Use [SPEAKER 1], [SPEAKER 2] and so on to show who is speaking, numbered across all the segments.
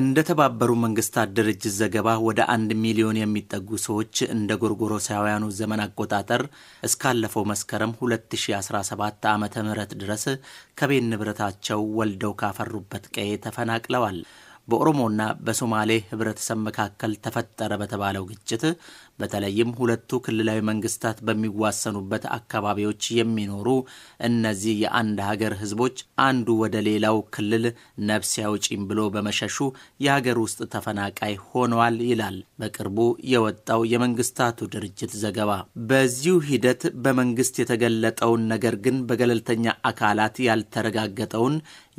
[SPEAKER 1] እንደ ተባበሩ መንግስታት ድርጅት ዘገባ ወደ አንድ ሚሊዮን የሚጠጉ ሰዎች እንደ ጎርጎሮሳውያኑ ዘመን አቆጣጠር እስካለፈው መስከረም 2017 ዓ ም ድረስ ከቤት ንብረታቸው ወልደው ካፈሩበት ቀዬ ተፈናቅለዋል። በኦሮሞና በሶማሌ ህብረተሰብ መካከል ተፈጠረ በተባለው ግጭት በተለይም ሁለቱ ክልላዊ መንግስታት በሚዋሰኑበት አካባቢዎች የሚኖሩ እነዚህ የአንድ ሀገር ህዝቦች አንዱ ወደ ሌላው ክልል ነፍስ ያውጪም ብሎ በመሸሹ የሀገር ውስጥ ተፈናቃይ ሆኗል ይላል በቅርቡ የወጣው የመንግስታቱ ድርጅት ዘገባ። በዚሁ ሂደት በመንግስት የተገለጠውን ነገር ግን በገለልተኛ አካላት ያልተረጋገጠውን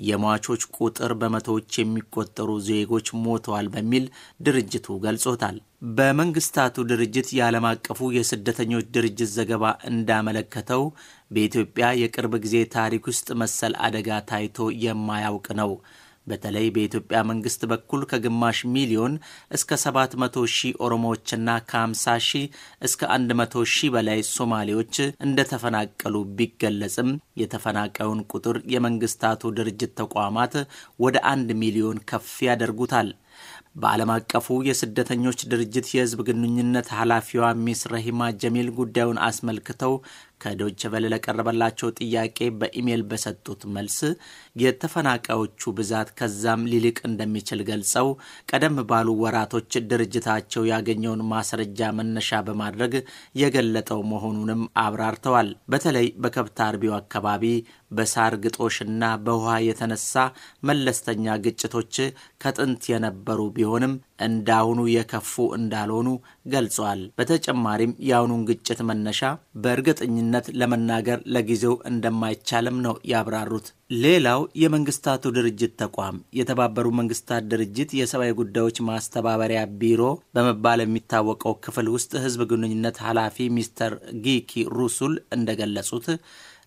[SPEAKER 1] የሟቾች ቁጥር በመቶዎች የሚቆጠሩ ዜጎች ሞተዋል በሚል ድርጅቱ ገልጾታል። በመንግስታቱ ድርጅት የዓለም አቀፉ የስደተኞች ድርጅት ዘገባ እንዳመለከተው በኢትዮጵያ የቅርብ ጊዜ ታሪክ ውስጥ መሰል አደጋ ታይቶ የማያውቅ ነው። በተለይ በኢትዮጵያ መንግስት በኩል ከግማሽ ሚሊዮን እስከ 700 ሺህ ኦሮሞዎችና ከ50 ሺህ እስከ 100 ሺህ በላይ ሶማሌዎች እንደተፈናቀሉ ቢገለጽም የተፈናቃዩን ቁጥር የመንግስታቱ ድርጅት ተቋማት ወደ አንድ ሚሊዮን ከፍ ያደርጉታል። በዓለም አቀፉ የስደተኞች ድርጅት የህዝብ ግንኙነት ኃላፊዋ ሚስ ረሂማ ጀሚል ጉዳዩን አስመልክተው ከዶች ቨለ ለቀረበላቸው ጥያቄ በኢሜል በሰጡት መልስ የተፈናቃዮቹ ብዛት ከዛም ሊልቅ እንደሚችል ገልጸው ቀደም ባሉ ወራቶች ድርጅታቸው ያገኘውን ማስረጃ መነሻ በማድረግ የገለጠው መሆኑንም አብራርተዋል። በተለይ በከብት አርቢው አካባቢ በሳር ግጦሽና በውሃ የተነሳ መለስተኛ ግጭቶች ከጥንት የነበሩ ቢሆንም እንዳሁኑ የከፉ እንዳልሆኑ ገልጸዋል። በተጨማሪም የአሁኑን ግጭት መነሻ በእርግጠኝነት በእርግጠኝነት ለመናገር ለጊዜው እንደማይቻልም ነው ያብራሩት። ሌላው የመንግስታቱ ድርጅት ተቋም የተባበሩ መንግስታት ድርጅት የሰብአዊ ጉዳዮች ማስተባበሪያ ቢሮ በመባል የሚታወቀው ክፍል ውስጥ ህዝብ ግንኙነት ኃላፊ ሚስተር ጊኪ ሩሱል እንደገለጹት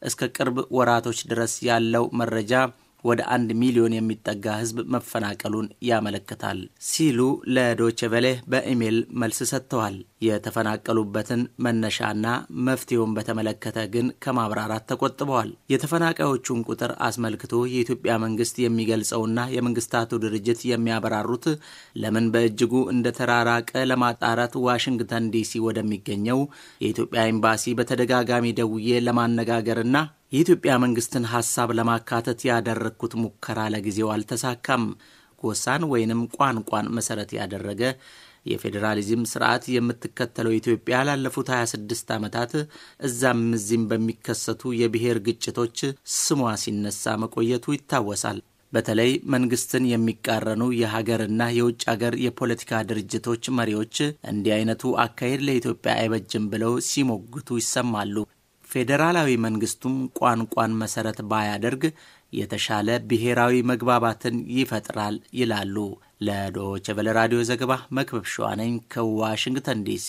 [SPEAKER 1] እስከ ቅርብ ወራቶች ድረስ ያለው መረጃ ወደ አንድ ሚሊዮን የሚጠጋ ህዝብ መፈናቀሉን ያመለክታል ሲሉ ለዶቼ ቬለ በኢሜይል መልስ ሰጥተዋል። የተፈናቀሉበትን መነሻና መፍትሄውን በተመለከተ ግን ከማብራራት ተቆጥበዋል። የተፈናቃዮቹን ቁጥር አስመልክቶ የኢትዮጵያ መንግስት የሚገልጸውና የመንግስታቱ ድርጅት የሚያበራሩት ለምን በእጅጉ እንደተራራቀ ለማጣራት ዋሽንግተን ዲሲ ወደሚገኘው የኢትዮጵያ ኤምባሲ በተደጋጋሚ ደውዬ ለማነጋገርና የኢትዮጵያ መንግስትን ሐሳብ ለማካተት ያደረግኩት ሙከራ ለጊዜው አልተሳካም። ጎሳን ወይንም ቋንቋን መሠረት ያደረገ የፌዴራሊዝም ስርዓት የምትከተለው ኢትዮጵያ ላለፉት 26 ዓመታት እዛም እዚህም በሚከሰቱ የብሔር ግጭቶች ስሟ ሲነሳ መቆየቱ ይታወሳል። በተለይ መንግስትን የሚቃረኑ የሀገርና የውጭ ሀገር የፖለቲካ ድርጅቶች መሪዎች እንዲህ አይነቱ አካሄድ ለኢትዮጵያ አይበጅም ብለው ሲሞግቱ ይሰማሉ። ፌዴራላዊ መንግስቱም ቋንቋን መሰረት ባያደርግ የተሻለ ብሔራዊ መግባባትን ይፈጥራል ይላሉ። ለዶይቼ ቬለ ራዲዮ ዘገባ መክበብ ሸዋነኝ ከዋሽንግተን ዲሲ